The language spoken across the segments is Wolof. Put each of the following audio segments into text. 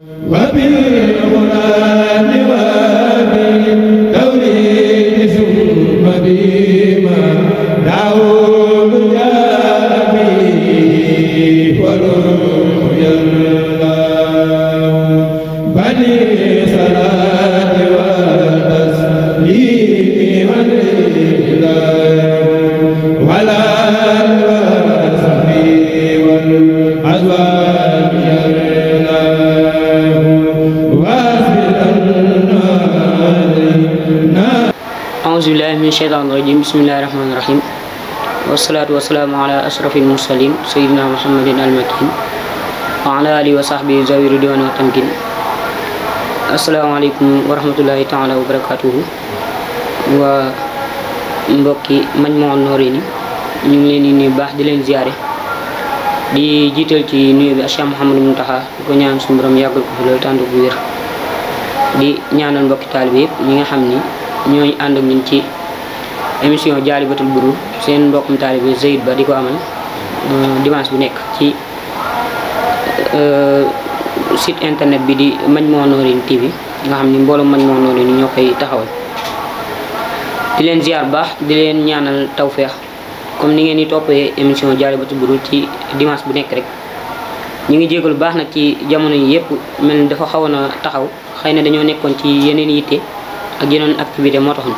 وبالهدى bismillahi rahmaani rahim wasalaatu wasalaamu ala ashrafil mursalin sayidina muhammadin almakin wa ala alihi wa sahbihi zawi ridwan wa tamkin asalaamaaleykum wa rahmatullahi taala wa barakatuhu waa mbokki Majmahun Nurayni ñu ngi leen di baax di leen ziyaare di jiital ci nuyu bi Cheikh Mouhamadou Mountakha di ko ñaan suñu yàggal ko loolu tànd bu wér di ñaanal mbokki taalibe yëpp nga xam ni ñooñu ànd ak ñun ci émission jaalibatul burur seen mbokkum taalibe Zaid Ba di ko euh, bu nekk ci euh, site internet bi di Majmahun Nurayni TV nga xam ni mbooloo Majmahun Nurayni ñoo koy taxawal di leen ziar baax di leen ñaanal tawféex comme ni ngeen di toppee émission jaalibatul burur ci dimanche bu nekk rek ñu ngi jégalu baax nag ci jamono yi yëpp mel ni dafa xaw a taxaw xëy na dañoo nekkoon ci yeneen yitte ak yeneen activité moo taxoon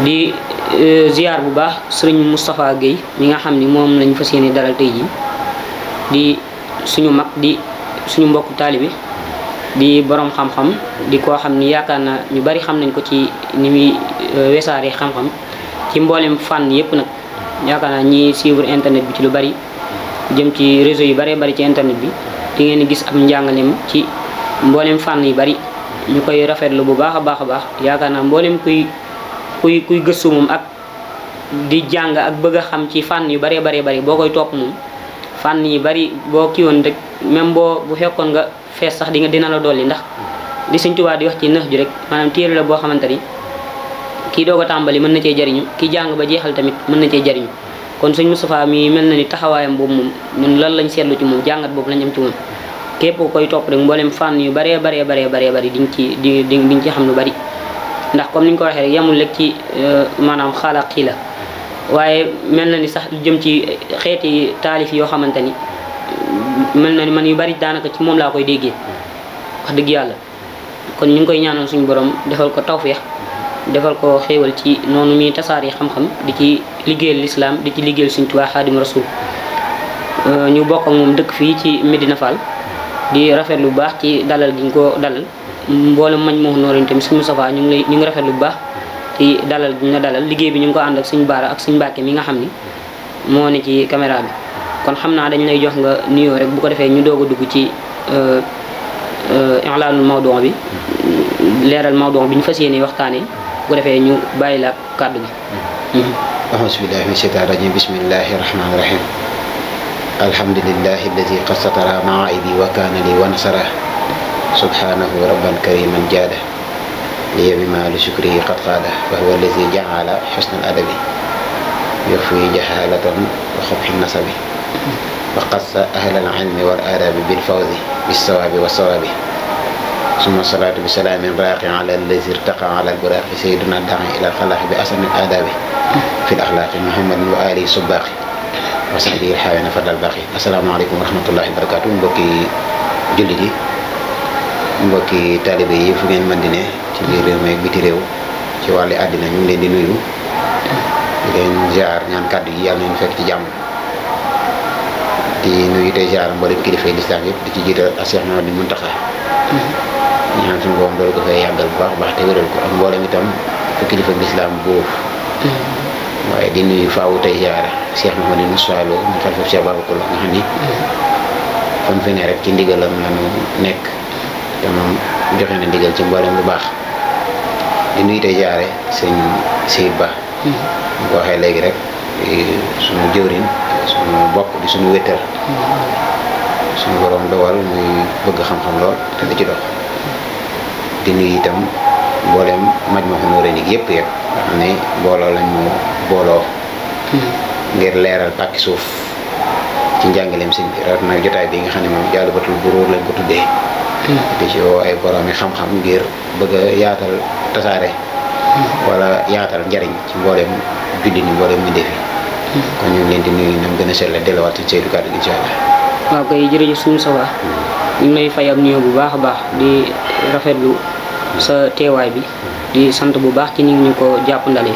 di eh, ziar bu baax sëriñ Moustapha Guèye mi nga xam ni moom lañ fas yéene dalal tey jii di suñu mag di suñu mbokk taalibe di boroom xam-xam di koo xam ni yaakaar na ñu bari xam nañ ko ci ni muy eh, wesaaree xam-xam ci mboolem fànn yépp nag yaakaar naa ñi suivre internet bi ci lu bari jëm ci réseau yu baree bari ci internet bi di ngeen gis am njàngaleem ci mboolem fànn yu bari ñu koy rafetlu bu baax a baax a baax yaakaar naa mboolem kuy kuy kuy gëstu moom ak di jàng ak bëgg a xam ci fànn yu bëree bëree bëri boo koy topp moom fànn yi bëri boo kiiwoon rek même boo bu fekkoon nga fees sax di dina la dolli ndax di Sëñ di wax ci nëx ju rek maanaam téere la boo xamante ni kii doog a tàmbali mën na cee jariñu kii jàng ba jeexal tamit mën na cee jariñu kon Sëñ Moustapha mi mel na ni taxawaayam boobu moom lan lañ seetlu ci moom jàngat boobu lañ am ci moom képp koy topp rek mboolem fànn yu bëree baree baree baree bëri diñ ci di di diñ ci xam lu bari ndax comme ni ñu ko waxee rek yamul rek ci euh, maanaam xalaqi la waaye mel na ni sax jëm ci xeeti taalif yoo xamante ni mel na ni man yu bari daanaka ci moom laa koy déggee wax dëgg yàlla kon ñu ngi koy ñaanal suñu borom defal ko tawfeex defal ko xéewal ci noonu muy tasaar yi xam-xam di ci liggéeyal lislaam di ci liggéeyal suñ Tuubaa Xaadimu Rasuul euh, ñu bokk ak moom dëkk fii ci Medina Fall di rafet lu baax ci dalal gi ñu ko dalal mboolem mañ moo noor tamit suñu Moustapha ñu ngi lay ñu ngi rafet lu baax ci dalal bi dalal liggéey bi ñu ngi ko ànd ak suñu baara ak suñ mbàkke mi nga xam ni moo ne ci caméra bi kon xam naa dañ lay jox nga nuyoo rek bu ko defee ñu doog a dugg ci euh, euh, i'laanul mawduu bi leeral mawduu bi ñu fas yéene waxtaanee bu ko defee ñu bàyyi la kàddu gi mmh. auzu billahi min shaytaan rajim bismillahi rahmaani rahim alhamdulillahi alladi qad satara maaibi wa kaana wa nasara سبحانه ربا كريما جاده لي بما لشكره قد قاده فهو الذي جعل حسن الأدب يفوي جهالة وخبح النسب وقص أهل العلم والآداب بالفوز بالصواب والصواب ثم الصلاة بسلام راق على الذي ارتقى على البراق سيدنا الداعي إلى الخلاق بأسن الآداب في الأخلاق محمد وآله الصباق وصحبه الحاوين فضل الباقي asalaamaaleykum wa rahmatullahi wa barakatu mbokki jullit yi mbokki taalibe yi fu ngeen mën di ci biir réew mi ak biti réew ci wàllu àddina ñu ngi leen di nuyu di leen jaar ñaan kàddu yi yàlla nañu fekk ci jàmm di nuyu tey jaar mboolem kilifa yi lislaam yëpp di ci jiital ak Cheikh Mouhamadou Mountakha ñaan suñu borom doolu ko fay yàggal kilifa lislaam boobu waaye di nuyu faawu tey jaar Cheikh Mouhamadou Moustapha Lo nga xam ni fan fi rek ci ndigalam la ñu nekk te moom joxe na ndigal ci mboolem bu baax di nuyu tey jaare sëñ Seydou Ba. ñu mm-hmm. ko waxee léegi rek suñu jëwriñ suñu bokk bi suñu wéttal. Mm-hmm. suñu borom dogal muy bëgg xam lool te ci dox mm-hmm. mboolem maj ma xamu ren yëpp yëpp nga xam ne booloo lañ mu booloo. ngir leeral pàkki suuf ci njàngaleem sëñ bi rawatina jotaay bi nga xam ne moom jaalu batul bu róor lañ ko tuddee. di ci woo ay borom xam-xam ngir bëgg a yaatal tasaare wala yaatal njariñ ci mboolem jullit ñi mboolem ñu defi kon ñu ngi leen di nuyu nam gën a seetla delluwaat ci Seydou Kàddu incha allah waaw kay jërëjëf suñu sawaa ñu ngi lay fay ab nuyoo bu baax a baax di lu sa teewaay bi di sant bu baax ci ni ñu ko jàpp ndale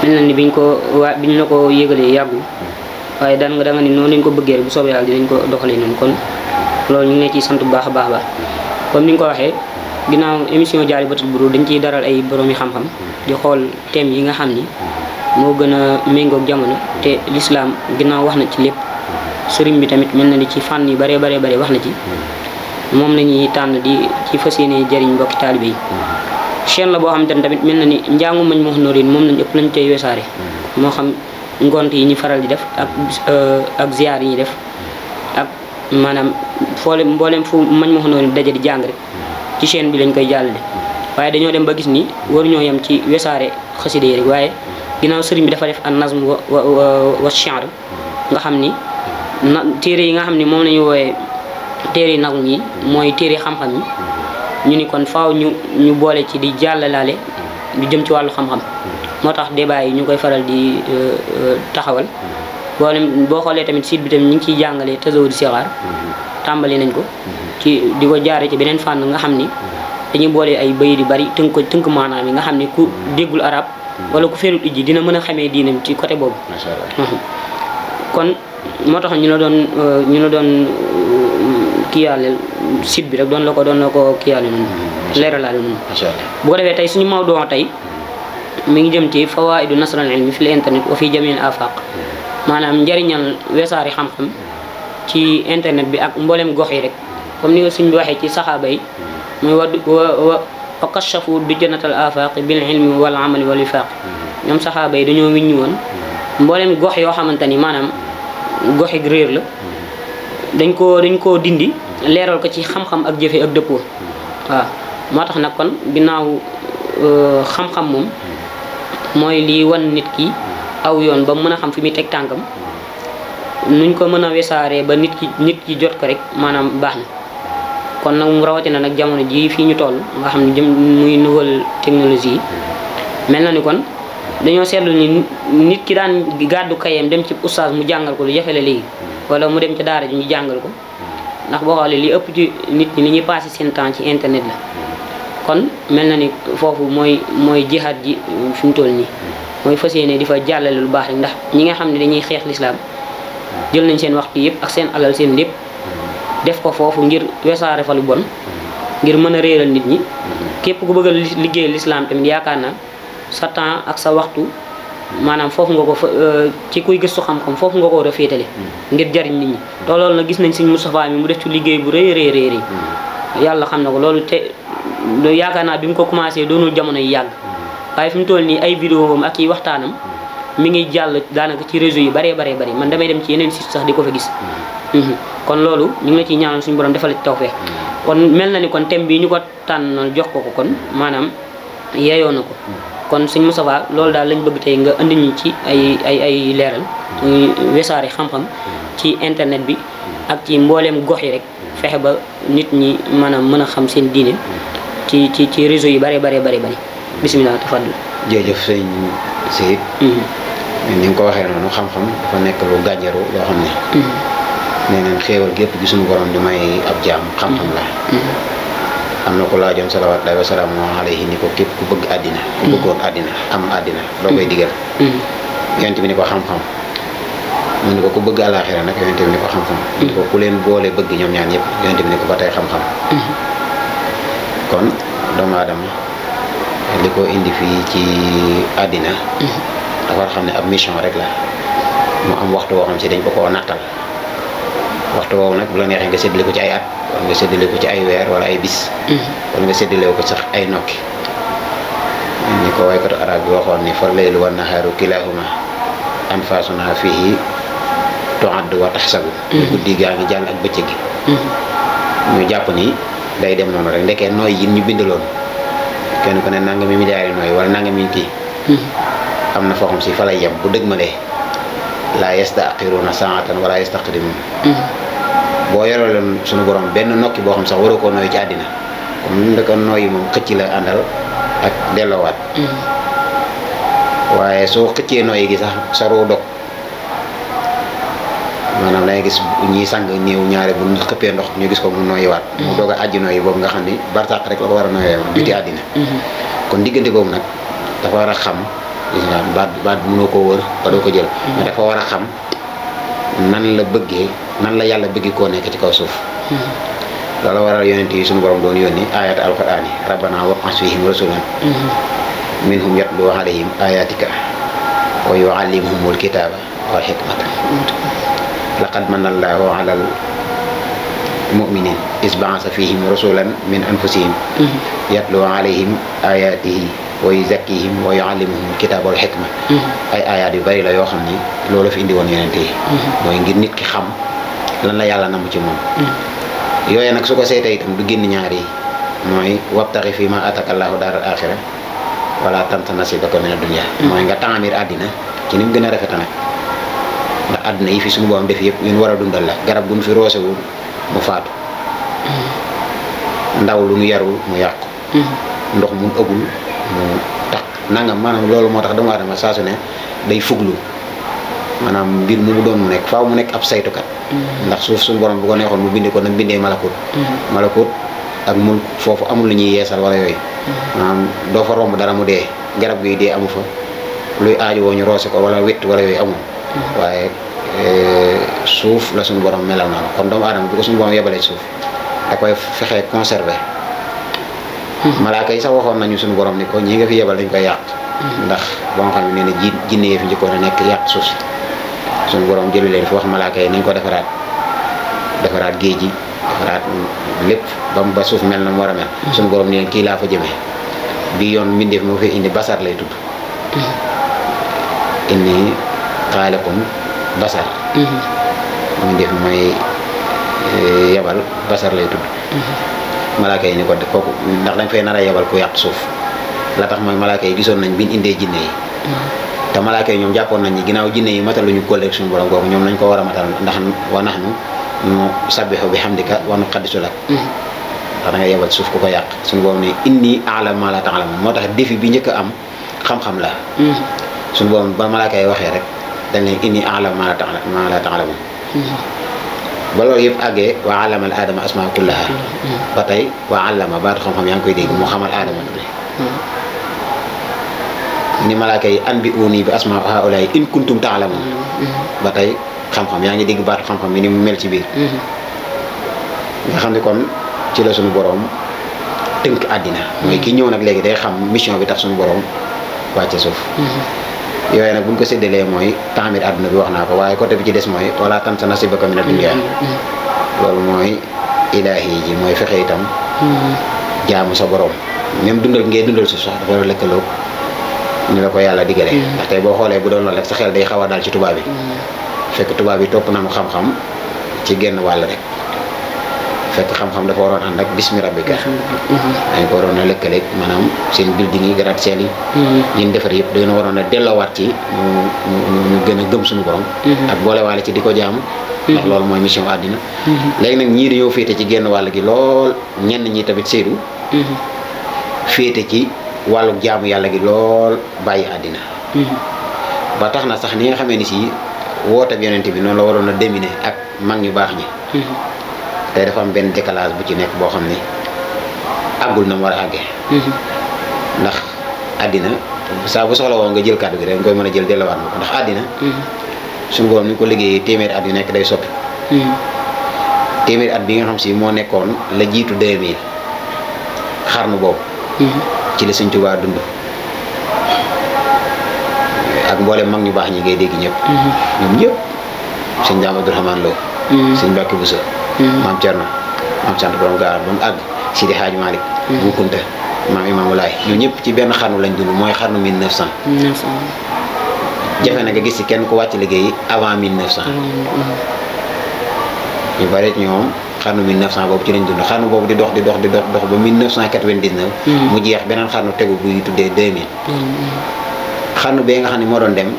mel na ni biñ ko waa biñ la ko yëgalee yàggul waaye daan nga da nga ni noonu lañ ko bëggee rek bu soobee yàlla dinañ ko doxalee noonu kon loolu ñu ngi ciy sant bu baax a baax baax kon ni nga ko waxee ginnaaw émission jaari bu buruur dañ ciy daral ay boroomi xam-xam di xool thème yi nga xam ni moo gën a méngoog jamono te lislaam ginnaaw wax na ci lépp sëriñ bi tamit mel na ni ci fànn yi baree baree bare wax na ci moom la ñuy tànn di ci fas yéene jëriñ mbokki taalibe yi chaîne la boo xamante ne tamit mel na ni njàngu mañ mox norin moom lañ ëpp lañ tey wesaare moo xam ngont yi ñu faral di def ak euh, ak ziar yi def maanaam foole mbooleem fu mañ ma xoonoon daje di jàng ci chaîne bi lañ koy jàllale waaye dañoo dem ba gis nii waruñoo yem ci wesaare xasida yi rek waaye ginnaaw sëriñ bi dafa def an nazm wa wa chanre nga xam ni na téere yi nga xam ni moom lañu wooyee téere nazm yi mooy téere xam-xam yi ñu ni kon faw ñu ñu boole ci di jàllalaale lu jëm ci wàllu xam-xam moo tax débat yi ñu koy faral di euh, euh, taxawal boolem boo xoolee tamit site bi tamit ñu ngi ciy jàngalee tasawudu sixaar mhm. tàmbali nañ ko mhm. ci di ko jaare ci beneen fànn nga xam ni mhm. dañuy boolee ay bayit yu bari tënk ko tënk maanaam yi nga xam ni ku déggul arab wala ku ferul ijji dina mën a xamee diinam ci côté boobu kon moo tax ñu la doon euh, ñu la doon euh, kiyaale site bi rek doon la ko doon la ko kiyaale noonu leeralaale noonu bu ko defee tey suñu mawdoo tey mi ngi jëm ci fawaidu nasral ilmi fi l internet wa fi jamil afaq maanaam njariñal wesaari xam-xam ci internet bi ak mboolem gox yi rek comme ni nga suñ bi waxee ci saxaaba yi mooy wa wa wa kashafu du janatal afaq bil ilmi wal ñoom saxaaba yi dañoo wiññu woon mboolem gox yoo xamante ni maanaam goxi réer la dañ ko dañ koo dindi leeral ko ci xam-xam ak jëfe ak dëppoo waaw moo tax nag kon ginnaaw euh, xam-xam moom mooy lii wan nit ki aw yoon ba mu mën a xam fi muy teg tànkam nuñ ko mën a wesaaree ba nit ki nit ki jot ko rek maanaam baax na kon nag mu rawatina nag jamono jii fii ñu toll nga xam ne muy nouvelle technologie yi mel na ni kon dañoo seetlu ni nit ki daan gàddu kayam dem ci oustaz mu jàngal ko lu jafe la léegi wala mu dem ci daara ji ñu jàngal ko ndax boo xoolee li ëpp ci nit ñi li ñuy passé seen temps ci internet la kon mel na ni foofu mooy mooy jihaat ji fi mu toll nii mooy fas yéene di fa jàllale lu baax rek ndax ñi nga xam ne dañuy xeex lislaam jël nañ seen waxtu yëpp ak seen alal seen lépp def ko foofu ngir wesaare fa lu bon ngir mën a réeral nit ñi képp ku bëgg a liggéey lislaam tamit yaakaar naa sa temps ak sa waxtu maanaam foofu nga ko fa euh, ci kuy gëstu xam-xam foofu nga ko war a féetale ngir jariñ nit ñi te loolu nag gis nañ si Moustapha mi mu def ci liggéey bu rëy rëy rëy yàlla xam na ko loolu te yaakaar naa bi mu ko commencé doonul jamono yi yàgg waaye fi mu toll nii ay vidéo am ak yi waxtaanam mi ngi jàll daanaka ci réseau yu baree baree bari man damay dem ci yeneen site sax di ko fa gis mm-hmm. Mm-hmm. kon loolu ñu ngi la ciy ñaanal suñu borom defal ci tawfeex mm-hmm. kon mel na ni kon thème bi ñu ko tànn jox ko ko kon maanaam yeeyoo ko kon suñ Moustapha loolu daal lañ bëgg tey nga indi ñu ci ay ay leeral wesaare xam-xam ci internet bi ak ci mbooleem gox yi rek fexe ba nit ñi maanaam mën a xam seen diine ci ci ci réseau yi bare bare bare bari bisimilah tafadul jërëjëf sëñ Seyid mm-hmm. ni nga ko waxee noonu xam-xam dafa nekk lu gànjaru loo xam ne mm-hmm. nee neen xéewal gépp gi suñu borom di may ab jaam xam-xam la mm-hmm. am na ko laajoon salawaatullaahi wa salaamu alayhi ni ko képp ku bëgg àddina ku bëggoon àddina am àddina loo koy digal yonent bi ni ko xam-xam mu ni ko ku bëgg àlaaxira nag yonent bi ni ko xam-xam leen boole bëgg ñoom ñaan yëpp yonent bi ni ko ba tey xam kon doomu aadama li ko indi fii ci àddina mhm. dafa war xam ne ab mission rek la mu am waxtu woo xam si dañ ko koo waxtu woowu nag bu la neexee nga séddale ko ci ay at wala nga séddale ko ci ay weer wala ay bis mhm. wala nga séddale ko sax ay nokki ni ko waykatu arab bi waxoon ni fa laylu wa nahaaru kilahuma anfaasuna fihi tuaddu wa taxsabu mhm. guddi gaa ngi jàll ak bëccëg ñu jàpp ni day dem noonu rek ndekee nooy yi ñu bindaloon kenn ku ne mi milliards yi nooy wala nangami kii. Hmm. am na foo xam si fa lay yem bu dëgmalee laa yastaqiruna saatan wala yastaqdimun hmm. boo yoree loon suñu borom benn nokki boo xam sax waroo koo nooy ci àddina comme ni nga ko moom xëcc la àndal ak delloowaat. Hmm. waaye soo xëccee nooyi gi sax sa dog maanaam da gis ñiy sang néew ñaare bu këppee ndox ñu gis ko mu nooyiwaat mm-hmm. mu doog a àjji nooyi boobu nga xam ni bartaq rek la ko war a nooyee woon biti mm-hmm. àddina mm-hmm. kon diggante boobu nag dafa war a xam islam baat baat mënoo koo wër ko jël dafa war a xam nan la bëggee nan la yàlla bëggi koo nekk ci kaw suuf loolu waral yonent yi suñu borom doon yónni ayat alquran yi rabbana wa ba'ath fihim rasulan minhum yatlu alayhim ayatika wa yuallimuhumul kitaaba wal hikmata laqad manna allaahu alal muminin is baasa fihim rasulan min anfusihim yatlu alayhim ayatihi wa yuzakkihim wa yuallimuhum kitaaba wal xikma ay ayaat yu bari la yoo xam ne loolu fi indi woon yonente yi mooy ngir nit ki xam lan la yàlla na mu ci moom yooye nag su ko seetee itam du génn ñaar yi mooy wabtaxi fii ma ataka allaahu daaral axira wala tansa nasibaka mina dunya mm. mooy nga taamir àddina ci ni gën a rafeta nag ndax àdduna yi fi suñu boom def yëpp yuñ war a dundal la garab guñ fi roosewul mu faatu mm-hmm. ndaw lu ñu yarul mu yàqu mm-hmm. ndox mu ëggul mu tax nangam maanaam loolu moo tax dama dama saa day fuglu maanaam mbir mu doon mu nekk faaw mu nekk ab saytukat mm-hmm. ndax suuf suñu borom bu ko neexoon mu bindee ko na bindee malakut malakut ak mu foofu amul lu ñuy yeesal wala yooyu maanaam doo fa romb dara mu dee garab gi dee amu fa luy aaju woo ñu roose ko wala wett wala yooyu amul Eh, suuf la suñu borom melal noonu kon doomu aadama bu ko suñu borom yebalee suuf da koy fexe conserver hmm. malaaka yi sax waxoon nañu suñu borom ni ko ñi nga fi yebal dañ koy yàq hmm. ndax ba nga xam ne nee na ji jinne fi njëkkoon a nekk yàq suuf si suñu borom jëli leen fi wax malaaka yi nañ ko defaraat defaraat géej gi defaraat lépp ba ba suuf mel na mu wara a mel hmm. suñu borom ni leen kii laa fa jëmee bi yoon mbindeef moo fi indi basar lay tudd inni xaalakum basar mm-hmm. mu def may eh, yabal basar lay tudd mm-hmm. malaaka yi ni ko ndax dañ fay nar a yabal ku yàq suuf la tax mooy malaaka gisoon nañ biñ indee jinne yi mm-hmm. te malaaka ñoom jàppoon nañ ni ginnaaw jinne yi mataluñu kóllëre suñu borom googu ñoom nañ ko war a matal ndax wa nax nu nu xam bi xamdika wa nu xaddisu lak ndax da nga suuf ku ko yàq su borom ne inni a'lamu ma la moo tax défi bi njëkk am xam la suñu borom ba malaaka yi waxee rek dañ leen inni alam maa la taalamun mm-hmm. ba loolu yëpp àggee wa allamal aadama asmaa kullaha mm-hmm. ba tey waa allama baatu xam-xam yaa ngi koy dégg mu xamal aadama ne mm-hmm. an bi uuni bi ba tey xam yaa ngi dégg baatu xam-xam bi ni mu mel ci biir nga xam ne kon ci la suñu boroom tënk àddina mooy ki ñëw nag léegi day xam mission bi tax suñu boroom wàcce suuf yooyu nag buñ ko séddalee mooy taamir àdduna bi wax naa ko waaye côté bi ci des mooy wala tam sa nasibaka mina dunya mm-hmm. Mm-hmm. loolu mooy ilaahi ji mooy fexe itam mm-hmm. jaamu sa borom même dundal ngay dundal suuf sax dafa lëkkaloo ni la ko yàlla digale ndax tey boo xoolee bu doon loolu rek sa xel day xaw a daal ci tubaab bi fekk tubaab yi topp na mu xam-xam ci genn wàll rek fekk xam-xam dafa waroon ànd ak bismi rabbika dañ ko waroon a lëkkaleeg maanaam seen di yi gratte ciel yi mm-hmm. ñun defar yëpp dañu waroon a delloowaat ci mu ñu gën a gëm suñu borom mm-hmm. ak boolewaale ci di ko jaam mm-hmm. ndax loolu mooy mission àddina léegi nag ñii dañoo féete ci genn wàll gi lool ñenn ñi tamit Seydou féete ci wàllu jaamu yàlla gi lool bàyyi àddina ba tax na sax ni nga xamee ni si woote bi yonent bi noonu la waroon a demine ak mag ñu baax ñi tey dafa am benn décalage bu ci nekk boo xam ni àggul na mu war a àggee. Mhm. ndax àddina saa bu soxla woo nga jël kàddu gi rek koy mën a jël delluwaat ma ndax àddina. Mhm. su borom ni ko liggéeyee téeméeri at yu nekk day soppi. Mhm. téeméeri at bi nga xam si moo nekkoon la jiitu 2000 xarnu boobu. ci la Sëñ Tuubaa dund. ak mboolem mag ñu baax ñi ngay dégg ñëpp. ñoom ñëpp sëñ Daam Abdou Rahman Lo. sëñ Mbàkke Buso Mm-hmm. maam Thierno maam sant borom gaawaan ba mu àgg Sidi Hadj mm-hmm. maam Imaamu Laay ñoo ñëpp ci benn xarnu lañ dund mooy xarnu 1900 jafe na nga gis ci kenn ku wàcc liggéey avant 1900 mm-hmm. ñu bari ñoom xarnu 1900 boobu ci lañ dund xarnu boobu di dox di dox di dox dox ba 1999 mu jeex beneen xarnu tegu buy tuddee 2000 xarnu bee nga xam ne moo doon dem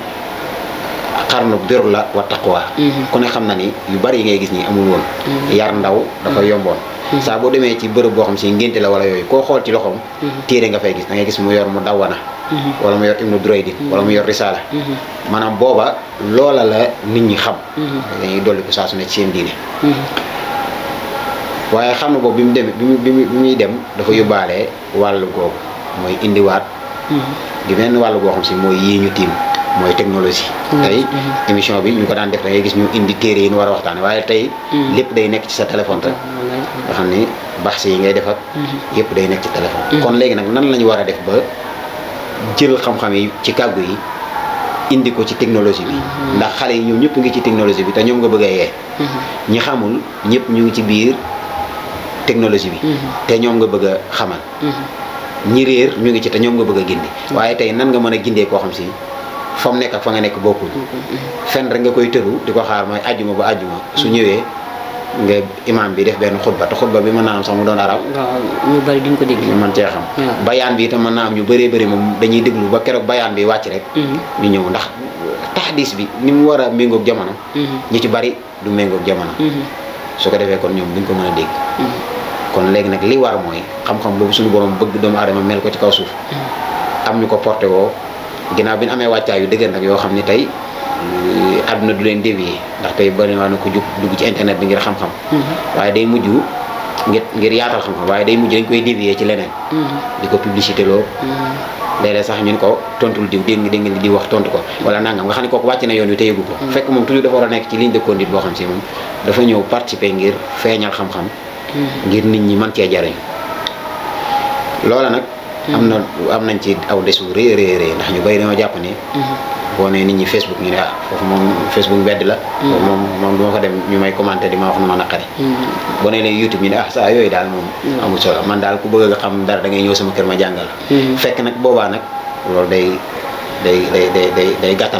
xarnu dër la wa taqwa mhm. ku ne xam na ni yu bari yi ngay gis ni amul woon mhm. yar ndaw dafa mhm. yomboon saa boo demee ci bërëb boo xam si ngénte la wala yooyu koo xool ci loxoom téere nga fay gis dangay gis mu yor mu dawana wala mu yor ibnu duraydin wala mu yor risaala maanaam booba loola la nit ñi xam dañuy ci seen diine xam na boobu bi mu dem bi bi muy dem dafa yóbbaale wàll googu mooy indiwaat di benn wàll goo xam si mooy yii ñu tiim mooy technologie. Mm-hmm. tey mm-hmm. émission bi ñu ko daan def da ngay gis ñu indi téere yi ñu war a waxtaanee waaye tey. Mm-hmm. lépp day nekk ci sa téléphone rek. nga xam ni baax yi ngay def ak. yëpp day nekk ci téléphone. kon léegi nag nan la ñu war a def ba jël xam-xam yi ci kàggu yi. indi ko ci technologie bi ndax xale yi ñoom ñëpp ngi ci technologie bi te ñoom nga bëgg a xamul ñëpp ñu ngi ci biir technologie bi te ñoom nga bëgg a xamal ñi réer ñu ngi ci te ñoom nga bëgg gindi waaye tey nan nga mën a gindee koo xam si fa mu nekk ak fa nga nekk bokkuñu. Mm-hmm. fenn rek nga koy tëru di ko xaar mooy ajjuma ba ajjuma su mm-hmm. ñëwee nga imaam bi def benn xutba te xutba bi mën naa am sax doon arab. ñu bari duñ ko dégg. ñu cee xam. bayaan bi itam mën naa am ñu bëree bëri moom dañuy déglu ba keroog bayaan bi wàcc rek. Mm-hmm. ñu ñëw ndax taxadis bi ni mu war a méngoog jamono. ñu ci bari du méngoog jamono. su ko defee kon ñoom duñ ko mën a dégg. kon léegi nag li war mooy xam-xam boobu suñu borom bëgg doomu aadama mel ko ci kaw suuf. am ñu ko porté woo ginnaaw bi ñu amee wàccaay yu nag yoo xam ni tey adduna eh, du leen dévier ndax tey bëri waa na ko jug dugg ci internet bi ngir xam-xam mm-hmm. waaye day mujj ngir ngir yaatal xam-xam waaye day mujj dañ koy dévier ci leneen mm-hmm. di ko publicité loo mm-hmm. léeg sax ñun ko tontul diw dégg nga dégg nga di wax tontu ko wala nangam nga xam ne kooku wàcc na yoon wi te yëgu ko fekk moom toujours dafa war a nekk ci ligne de conduite boo xam si moom dafa ñëw participer ngir feeñal xam-xam ngir nit ñi mën cee jariñ am na am nañ ci aw desu rëy rëy rëy ndax ñu bay dañoo jàpp ni mhm. boo nee nit ñi Facebook ñu ne ah foofu moom Facebook mbedd la mhm. moom moom du ma fa dem ñu may commenté di ma wax nu ma naqari mhm. boo nee YouTube ñu ne ah, saa yooyu daal moom amul solo man daal ku bëgg xam dara da ngay ñëw sama kër ma jàngal fekk nag boobaa nag loolu day day day day day day gàttal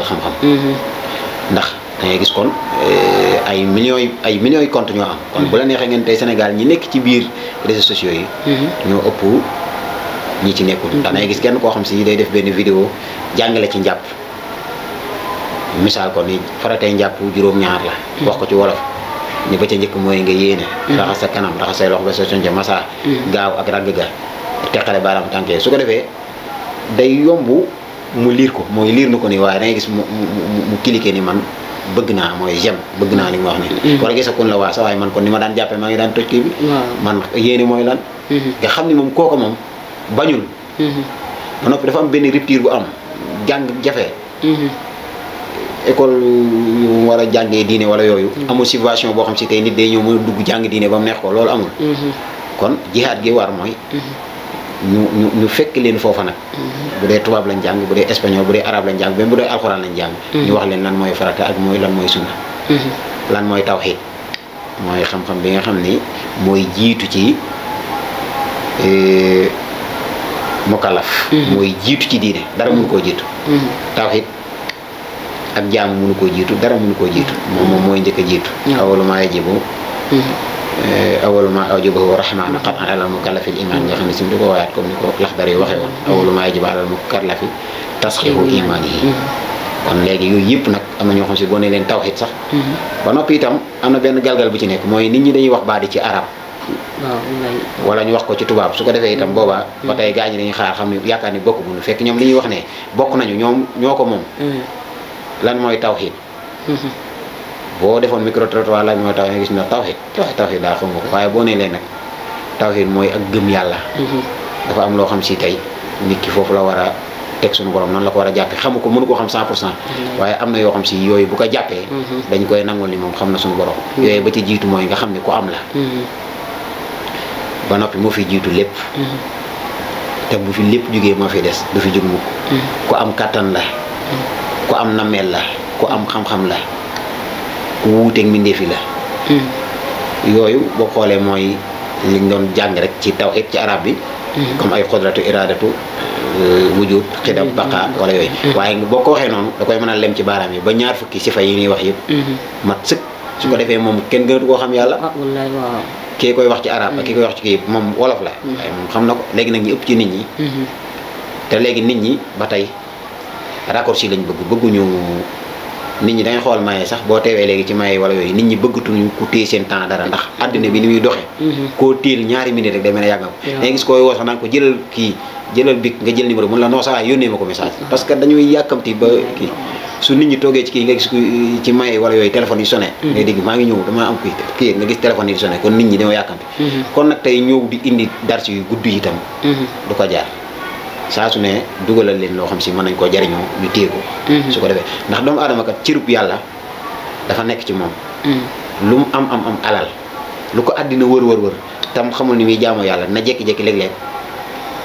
ndax da gis kon eh, ay millions yi ay millions yi compte am kon bu la neexee ngeen tey Sénégal ñi nekk ci biir réseaux sociaux yi ñoo ëpp ñi ci nekkul mhm. ndax dangay gis kenn koo xam si day def benn vidéo jàngale ci njàpp misaal ko ni faratee njàpp juróom-ñaar la mhm. wax ko ci wolof ni ba ca njëkk mooy nga yéene mhm. raxas sa kanam raxas say loxo ba sa conco masa gaaw ak ragg ga teqale baaraam tànkee su ko defee day yomb mu ko mooy liir na ko ni waaye dangay gis mu mu cliquer ni man bëgg naa mooy j'aime bëgg naa li mu wax ni wala gis kon la waa sa waaye man kon ni ma daan jàppee maa ngi daan toj kii bi man yéene mooy lan nga xam ni moom kooka moom bañul. Mhm. ba noppi dafa am benn rupture bu am jàng jafe. Mhm. école yu war jàngee diine wala yooyu. Mhm. amul situation boo xam si tey nit day ñëw mën dugg jàng diine ba mu neex ko loolu amul. kon jihaat gi waar mooy. ñu ñu ñu fekk leen foofa nag. bu dee tubaab lañ jàng bu dee espagnol bu dee arabe lañ jàng même bu dee alxuraan la jàng. ñu wax leen lan mooy farata ak mooy lan mooy sunna. lan mooy tawxiid mooy xam-xam bi nga xam ni mooy jiitu ci. Eh, mukallaf mm-hmm. mooy jiitu ci diine dara mënu koo jiitu mm-hmm. tawhid ak jaamu mënu koo jiitu dara mënu koo jiitu mm-hmm. moom moom mooy njëkk a jiitu awalu maa yajibu eh, awalu maa ajabahu rahmaanu qatan alal mukallafi l iman nga xam ne si di ko ni ko laxdar yi waxee woon awalu maa yajibu kon léegi yooyu yëpp nag am na ñoo xam si boo ne leen tawhid sax ba noppi itam am na benn galgal bu ci nekk mooy nit ñi dañuy wax baadi ci arab wala ñu wax ko ci tubaab su ko defee itam mm. boobaa mm. ba tey gaañ dañuy xaar xam ne yaakaar ni bokk bu fekk ñoom li ñuy wax ne bokk nañu ñoom ñoo ko moom mm. lan mooy tawxiid mm-hmm. boo defoon micro trottoir lan mooy gis na tawxiid tawxiid daal xam nga ko waaye boo nee leen nag tawxiid mooy ak gëm yàlla mm-hmm. dafa am loo xam si tey nit ki foofu la war a teg suñu borom noonu la ko war a xamu ko mënu ko xam 100 pour cent mm-hmm. waaye am na yoo xam si yooyu bu ko jàppee dañ koy nangul ni moom xam na suñu borom yooyu ba ci jiitu mooy nga xam ne ku am la ba noppi moo fi jiitu lépp mm-hmm. te bu fi lépp jógee moo fi des du fi jóg mukk mm-hmm. ku am kàttan la mm-hmm. ku am nameel la ku am xam-xam la ku wuuteeg mbindeefi la yooyu boo xoolee mooy liñ doon jàng rek ci taw it ci arab bi comme ay xodratu iradatu euh, wujud xidam baqa wala yooyu waaye boo ko waxee noonu da koy mën a lem ci baaraam yi ba ñaar fukki fa yi ñuy wax yëpp mat sëkk su ko defee moom kenn gënatu koo xam yàlla ah, kii koy wax ci arab ak kii koy wax ci kii moom wolof la mm. moom xam na ko léegi nag ñu ëpp ci nit ñi mm-hmm. te léegi nit ñi ba tey raccourci lañ bëgg bëgguñu nit ñi dangay xool maye sax boo teewee léegi ci maye wala yooyu nit ñi bëggatuñu ku téye seen temps dara ndax àddina bi ni muy doxee mm-hmm. koo tiil ñaari minute rek day mel ne yàggam dangay gis koy woo sax ko jëlal kii jëlal bi nga jël numéro mun la non ça yónnee ma ko message mm-hmm. parce que dañuy yàkkamti ba kii su nit ñi toogee ci kii nga gis ci maye wala yooyu téléphone yi sonné mm-hmm. ngay dégg maa ngi ñëw damaa am kii kii nga gis téléphone yi sonné kon nit ñi dañoo yàkkamti mm-hmm. kon nag tey ñëw di indi darsi yu gudd yi itam du ko jaar saa su ne dugalal leen loo xam si mën nañ koo jariñoo ñu téye ko su ko defee ndax doomu aadama kat cërub yàlla dafa nekk ci moom lu mu am am am alal lu ko àddina wër wër wër tam xamul ni muy jaamoo yàlla na jekki-jekki léeg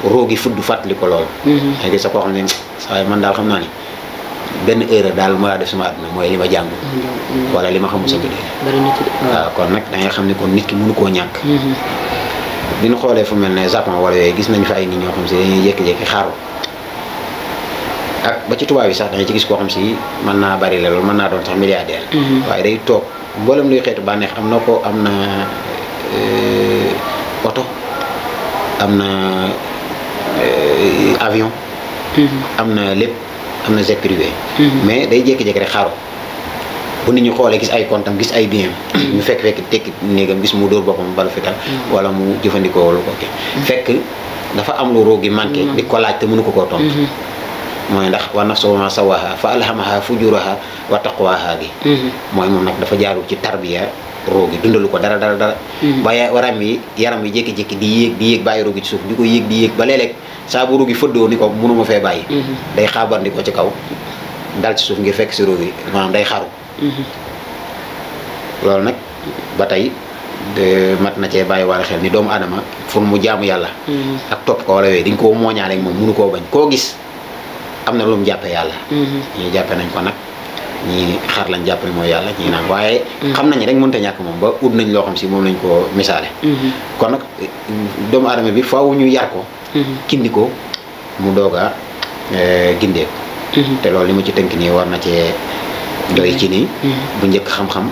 roogi fudd fàttali ko lool. xëy mhm. na sa koo xam ne man daal xam naa ni benn erreur daal moo def sama na mooy li ma jàng. Mhm. Mhm. wala li ma xamul sa biddéew. bari waaw kon nag dangay xam ne kon nit ki mënu koo ñàkk. bi ñu xoolee fu mel ne Japon wala yooyu gis nañ fa ay nit ñoo xam si dañuy jékki xaaru ak ba ci tubaab yi sax dañuy ci gis koo xam si mën naa bari la loolu mën naa doon sax milliardaire. waaye day toog mboolem luy xeetu bànneex am na ko am na euh, oto am na. avion. Mm-hmm. am na lépp am na jet privé. Mm-hmm. mais day jékki-jékki rek xaaru bu nit ñu xoolee gis ay comptam gis ay biens ñu mm-hmm. fekk fekk tekki néegam gis mu dóor boppam balu fital wala mu jëfandikoo lu ko kii. fekk dafa am lu roo gi manqué. di ko laaj te mënu ko koo tontu. mooy ndax wa nafsu ma sawaha fa alhamaha fujuraha wa taqwaha gi. mooy moom nag dafa jaarul ci tarbiya. roogi dundalu ko dara dara dara ba hmm. waram yi yaram yi jékki-jékki di yéeg di yéeg bàyyi roogi ci suuf di ko yéeg di yéeg ba léeg-léeg saa bu roogi fëddoo ni ko mënuma fee bàyyi hmm. day xaabandi ko ci kaw dal ci suuf ngir fekk si roogi maanaam day xaru hmm. loolu nag ba tey mat na cee bàyyi waale xel ni doomu aadama fu mu jaamu yàlla ak topp ko wala yooyu dañ koo mooñaale moom mënu koo bañ koo gis am na lu mu jàppe yàlla ñu jàppe nañ ko nag ñi xar lañ jàpp ne mooy yàlla ñii naan waaye mm-hmm. xam nañ rek mënta ñàkk moom ba ut nañ loo xam si moom lañ ko misaale mm-hmm. kon nag doomu aadama bi faaw ñu yar ko kindi mm-hmm. ko mu doog a eh, gindeeku te lool li ma ci tënk nii war na cee doy ci nii bu njëkk xam-xam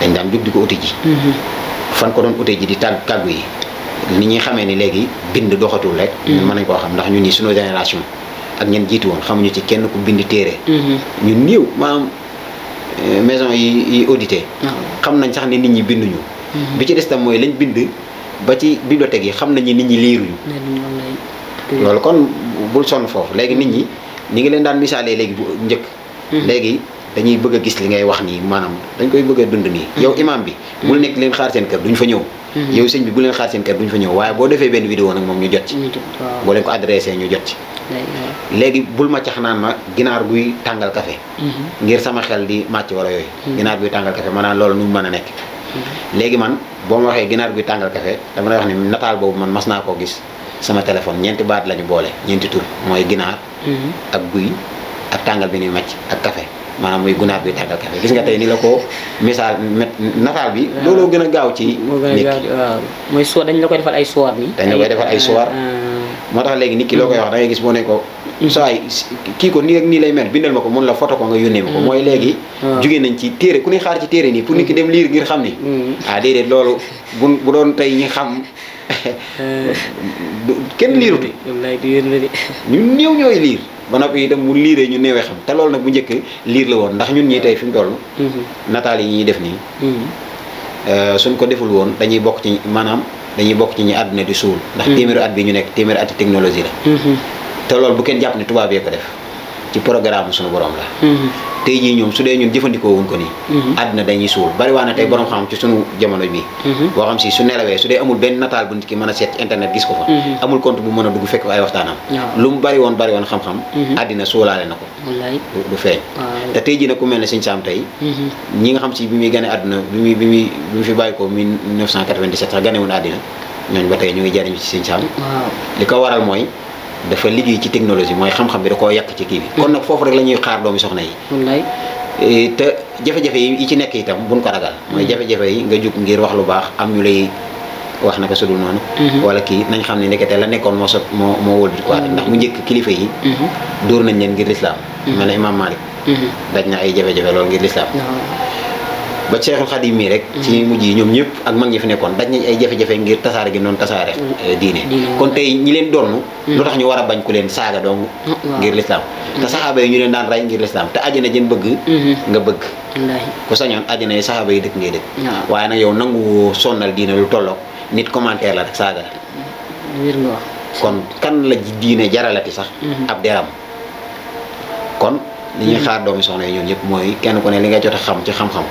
dañ daan jug di ko uti ji fan ko doon uti ji di tàgg kàggu yi ni ñuy xamee ni léegi bind doxatul rek mën nañ koo xam ndax ñu ni sunu génération ak ñen jiitu woon ñu ci kenn ku bind téere mhm. ñu néew maanaam eh, maison yi audité ah. xam nañ sax ni nit ñi binduñu mhm. bi ci des tam mooy lañ bind ba ci bibliothèque yi xam nañu nit ñi liiruñu loolu kon bul sonn foofu léegi nit ñi ñi ngi leen daan misaalee léegi bu njëkk mhm. léegi dañuy bëgg a gis li ngay wax nii maanaam dañ koy bëgg a dund nii yow imam bi bul nekk leen xaar seen kër duñ fa ñëw yow sëñ bi bu leen xaar seen kër duñ fa ñëw waaye boo defee benn vidéo nag moom ñu jot ci boo leen ko adressé ñu jot ci léegi bul ma cax naan ma ginaar guy tàngal kafe mhm. ngir sama xel di màcc wala yooyu mhm. ginaar guy tàngal café maanaam loolu nu mu mën a nekk mhm. léegi man boo ma waxee ginaar guy tàngal kafe dama lay wax ne nataal boobu man mas naa koo gis sama téléphone ñeenti baat la boole ñeenti tur mooy ginaar ak guy ak tàngal bi nuy màcc ak kafe maanaam muy gunaar bi tàngal café gis nga tey ni la ko misaal nataal bi looloo gën a gaaw ci nit mooy soor dañ la koy defal ay soor ni dañ ay soor moo tax léegi nit ki loo koy wax da gis moo ne ko saa yi kii ko nii ak nii lay mel bindal ma ko mun la photo ko nga yónnee ma ko mm. mooy léegi ah. jóge nañ ci téere ku ne xaar ci téere nii pour nit ki dem xam ni mm. ah déedéet loolu bu bu doon tey ñi xam kenn liiruti mm. ñun néew ñooy liir ba noppi itam mu liiree ñu néewee xam te loolu nag bu njëkk liir la woon ndax ñun ñii tey fi mu toll mm-hmm. nataal yi ñuy def nii mm-hmm. euh, suñ ko deful woon dañuy bokk ci maanaam dañuy bokk ci ñi àdduna di suul ndax hmm. téeméeru at bi ñu nekk téeméeru ati technologie la hmm. te loolu bu kenn jàpp ne tubaab yee ko def ci programme suñu borom la hmm. tey jii ñoom su dee ñun jëfandikoo wuñ ko nii mhm. àddina dañuy suul bari tey mhm. borom xam ci sunu jamono bii mhm. boo xam si su nelawee su dee amul benn nataal bu nit ki mën a seet ci internet gis ko fa amul compte bu mën a dugg fekk fa ay waxtaanam lu mu bari woon xam-xam àddina suulaale na ko du feeñ te tey jii nag ku mel ne Sëñ Sam tey ñi nga xam si bi muy gane àddina bi muy bi muy bi mu fi bàyyi ko 1997 sax gane woon àddina ñooñu ba tey ñu ngi jariñu ko waral mooy dafa liggéey ci technologie mooy xam-xam bi da koo yàq ci kii bi. Hmm. kon nag foofu rek la ñuy xaar doomi soxna yi. wallaay eh, te jafe-jafe yi ci nekk itam buñ ko ragal. mooy hmm. jafe-jafe yi nga jug ngir wax lu baax am ñu lay wax naka sudul noonu. Hmm. wala kii nañ xam ne ndekete la nekkoon moo sot moo moo wóor quoi ndax mu njëkk kilifa yi. dóor nañ leen ngir lislaam. mel na Imaam Malik daj na ay jafe-jafe loolu ngir lislaam ba Cheikhul Khadim mii rek ci mm. mujj yi ñoom ñëpp ak mag ñi fi nekkoon dañ nañ ay jafe-jafe ngir tasaare gi noonu tasaare mm. diine kon tey ñi leen donn mm. lu tax ñu war a bañ ku leen saaga dong ah, ngir lislaam te mm-hmm. saxaaba yi ñu leen daan rey ngir lislaam te àjjana jën bëgg mm-hmm. nga bëgg ku sañoon àjjana yi saxaaba yi dëkk ngay dëkk waaye nag yow nangu sonnal diine lu tolloog nit commentaire la rek saaga la kon kan la diine jaralati sax mm-hmm. ab deram kon li ñuy xaar doomi soxna yi ñoom ñëpp mooy kenn ku ne li nga jot a xam ci xam-xam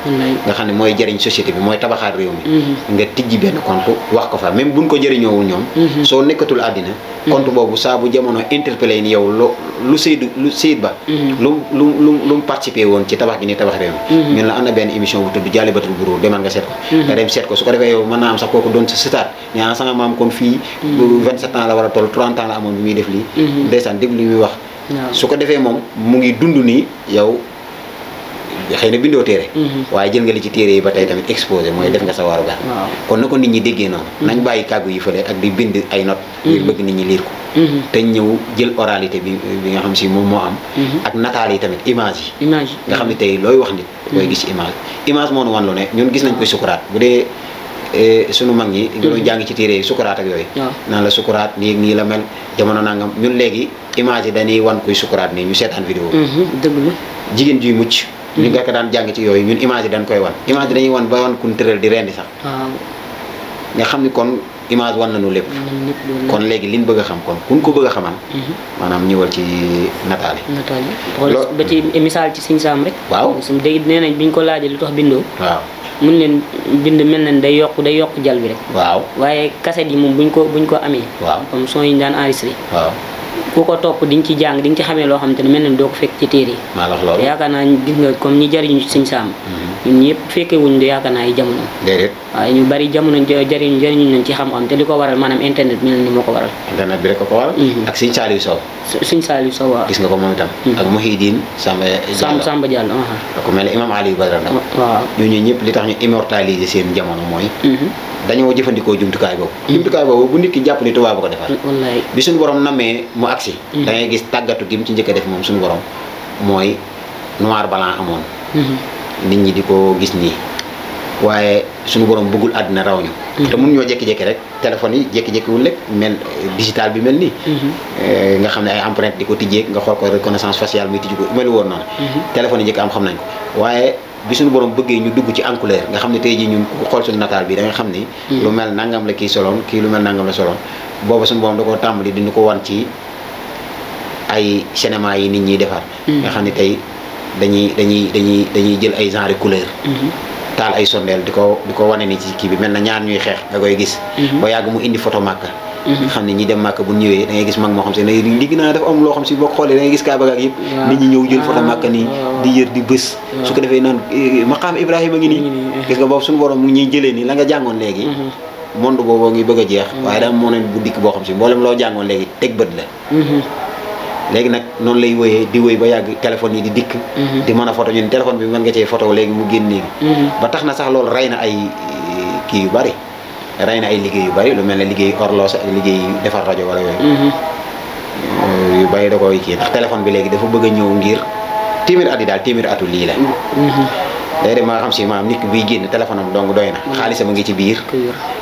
nga xam ne mooy jëriñ société bi mooy tabaxaat réew mi mhm. nga tijji benn compte wax ko fa même buñ ko jëriñoowul ñoom mhm. mhm. boobu saa bu jamono interpellé ni yow lu lu Seydou lu Seydou Ba lu lu lu lu mu participé woon ci ni tabax réew mi ñun la am na benn émission bu tudd Jaalibatul Buruur demal nga seet ko nga dem seet ko su ko defee yow mën naa am sax kooku doon sa sitaat ne sama maam kon fii 27 ans la war a toll 30 ans la amoon bi muy def lii ndeysaan déglu li wax su ko defee moom mu ngi dund nii yow xëy na bindoo téere mhm. waaye jël nga li ci téere yi ba tey tamit exposé mooy def nga sa waaru gar kon na ko nit ñi déggee noonu mhm. nañ bàyyi kàggu yi fële ak di bind ay notes mhm. ngir bëgg nit ñi liir ko te ñëw jël oralité bi bi nga xam si moom moo am ak nataal yi tamit image yi nga xam ne tey looy wax nit koy gis image image moo nu wan lu ne gis nañ koy sukuraat Eh, sunu mag ñi doon mm-hmm. jàng ci téere yi sukuraat yooyu naan la sukuraat nii nii la mel jamono nangam ñun léegi image yi dañuy wan kuy sukuraat nii ñu seetaan vidéo mm-hmm. dëgg la jigéen juy mucc ñu nga mm-hmm. ko daan jàng ci yooyu ñun image yi dañ koy wan image yi wan ba wan kun tëral di rendi sax nga xam ni kon image wan nañu lépp kon léegi liñ bëgg a xam kon kun ko bëgg a xaman maanaam ñëwal ci nataal yi nataal yi ba ci misaal ci Sëñ Saam rek waaw su dégg nee nañ biñ ko laajee mun leen mbind mel na day yokk day yokk jal bi rek. waaw waaye kaset yi moom buñ ko buñ ko amee. waaw comme son yi ñu daan enregistré. waaw ku ko topp di ci jàng di nga ci xamee loo xamante ne mel na doo ko fekk ci téere yi yaakaar naa gis nga comme ñi jariñu ci sëñ saam mhm. ñun ñëpp fekke wuñ yaakaar naa yi jamono déedéet waaw ñu bari jamono jariñu jariñu nañ ci xam-xam te li ko waral maanaam internet mel ni moo ko waral internet bi rek ko waral mhm. ak sëñ Saliou Sow sëñ Saliou Sow waaw gis nga ko moom itam mhm. ak Mouhidine Samba Diallo Samba Diallo ko mel ne imam Aliou Badara Ndao waaw ñooñu ñëpp li tax ñu immortaliser seen jamono mooy dañoo jëfandikoo jumtukaay boobu mm. jumtukaay bu nit ki jàpp ni tubaab ko defar bi suñu borom namee mu agsi mm. da ngay gis tàggatu gi mu ci njëkk def moom suñu borom mooy noir blanc amoon mm-hmm. nit ñi di ko gis nii waaye suñu borom bëggul àddina raw ñu mm-hmm. te mun ñoo jékki-jékki rek téléphone yi jékki-jékki wul rek mel digital bi mel nii mm-hmm. eh, nga xam ne ay empreinte di ko tijjeeg nga xool ko reconnaissance faciale muy tijji ko melu woon na téléphone yi njëkk am xam nañ ko bi suñu borom bëggee ñu dugg ci en couleur nga xam ne tey jii ñun ku xool suñu nataal bi da xam ni hmm. lu mel nangam la kii soloon kii lu mel nangam la soloon booba suñu borom da koo tàmbali diñu ko wan ci ay cinéma yi nit ñiy defar hmm. nga xam ne tey dañuy dañuy dañuy dañuy jël ay genre couleur hmm. taal ay sondeel di ko di ko wane ni ci kii bi mel na ñaar ñuy xeex nga koy gis ba yàgg mu indi photo màkka Mhm. xam ne ñi dem màkk bu ñëwee da ngay gis mag moo xam si ne léegi naa dafa am loo xam si boo xoolee da gis kaaba ak yëpp nit ñi ñëw jël photo màkk nii di yër di bës su ko defee naan eh, eh, maqaam Ibrahima ngi nii eh. gis nga boobu suñu borom mu ñuy jëlee nii la nga jàngoon léegi mhm. monde a jeex mhm. waaye daam moo ne bu dikk boo xam si mboolem loo jàngoon léegi teg bët la léegi nag di wéy ba yàgg téléphone yi di dikk di mën a photo ñun téléphone bi mën nga cee photo léegi mu génnee ba tax na sax lool rey na ay kii yu bari rey na ay liggéey yu bari lu mel ne liggéey horloge ak liggéey defar rajo wala yooyu. Mhm. yu bari da koy kii ndax téléphone bi léegi dafa bëgg a ñëw ngir téeméer at yi daal téeméer atu lii la. Mm-hmm. day dem nit ki biy téléphone am dong doy na. Mm-hmm. xaalisam a ngi ci biir.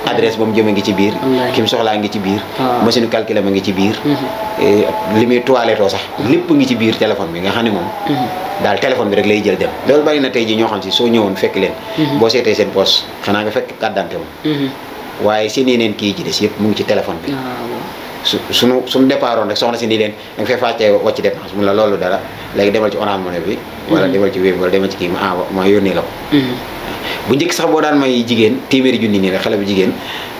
adresse ba ngi ci biir. ki mu soxlaa ngi ci biir. Ah. machine calculer ma ngi ci biir. Mm-hmm. Eh, li muy toilettoo sax lépp ngi ci biir téléphone bi nga xam ne moom. daal téléphone bi rek lay jël dem loolu bari na tey ji ñoo xam si soo ñëwoon fekk leen. boo seetee seen poche xanaa nga fekk carte moom. waaye seen yeneen kii ci des yëpp mu ngi ci téléphone bi. Ah, su suñu suñu départ rek soxna si nii leen da nga fee fàccee wàcc dépense mun la loolu dara léegi demal ci Orange Money bi. Mm-hmm. wala demal ci Wave wala demal ci kii ma envoyé ma yónnee la ko. Mm-hmm. bu njëkk sax boo daan may jigéen téeméeri junni nii la xale bu jigéen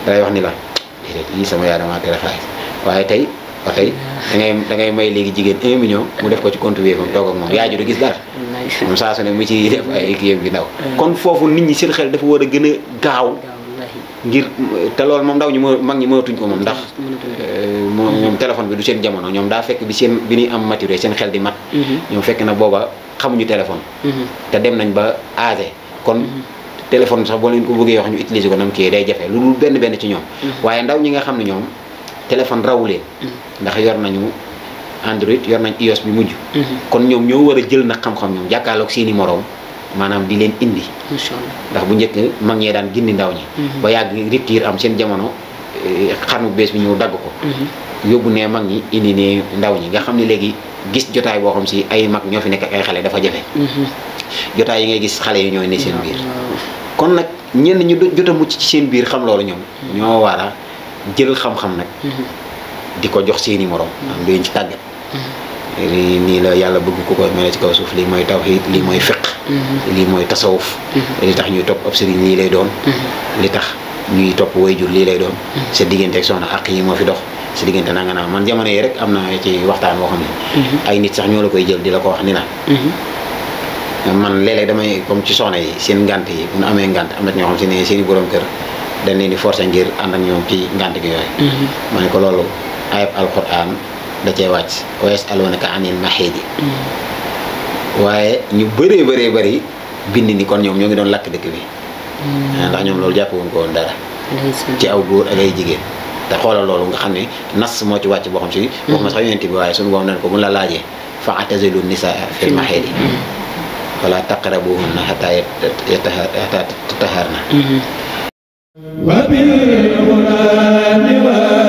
dalay wax ni la déedéet lii sama yaay damaa tere xaalis waaye tey ba tey da ngay da ngay may léegi jigéen 1 million mu def ko ci compte Wave am moom yaay ju du gis dara. moom saa su ne mu ci ay kii gi ndaw. Mm. kon foofu nit ñi seen dafa war a gën a gaaw. ngir te loolu moom ndaw ñi moo mag ñi mënatuñ ko moom ndax euh, moom ñoom téléphone bi du seen jamono ñoom daa fekk bi seen bi ñuy am maturé seen xel di mat mhm. ñoom fekk na booba xamuñu téléphone mhm. te dem nañ ba âgé kon mhm. téléphone sax boo leen ko bëggee wax ñu utiliser ko nam kii day jafe lu dul benn benn ci ñoom waaye ndaw ñi nga xam ne ñoom téléphone rawu ndax yor nañu Android yor nañ iOS bi mujj kon ñoom ñoo war a jël nag xam-xam ñoom jàkkaarloog seeni moroom maanaam di leen indi. ndax bu njëkk mag ñee daan gindi ndaw ñi. Mhm. ba yàgg rupture am seen jamono eh, xanu bees bi ñu dagg ko. Mhm. yóbbu ne mag ñi indi ne ndaw ñi nga xam ne léegi gis jotaay boo xam si ay mag ñoo fi nekk ak ay xale dafa jafe. Mhm. jotaay yi ngay gis xale yi ñoo ne seen biir. kon nag ñenn ñu jot a mucc ci seen biir xam loolu ñoom. ñoo war a jël xam-xam nag. di ko jox seeni moroom. am lu ñu ci tàggat. lii nii la yàlla bëgg ku koy mel ci kaw suuf lii mooy tawxiid lii mooy fiq mhm. lii mooy tasawuf mhm. li lii lay doon mhm. li tax ñuy topp wayjur lii lay doon sa diggante soxna ak yi moo fi dox si diggante naa naa man jamono yi rek am na ci waxtaan boo xam ne ay nit sax ñoo la koy jël di la ko wax ni la man léeg-léeg damay ci soxna yi seen ngànt yi bu amee ngànt am na ñoo xam si ne seen i borom kër dañ leen di forcé ngir ànd ak ñoom ci ngànt gi yooyu ne ko loolu ayab alquran da cee wàcc wa yasalunaka anil maxiidi mm. waaye ñu bëree bëree bëri bind ni kon ñoom ñoo ngi doon lakk dëkk bi mm. ndax ñoom loolu jàpp wuñ ko woon dara ci aw góor ak ay jigéen te xoolal loolu nga xam ni nas moo ci wàcc boo xam si mm. wax ma sax yonent bi waaye suñu boom nan ko mun la laajee fa atazilu nisaa fil maxiidi wala taqrabuhunna xataa yataharna mm-hmm. wa bil qur'aani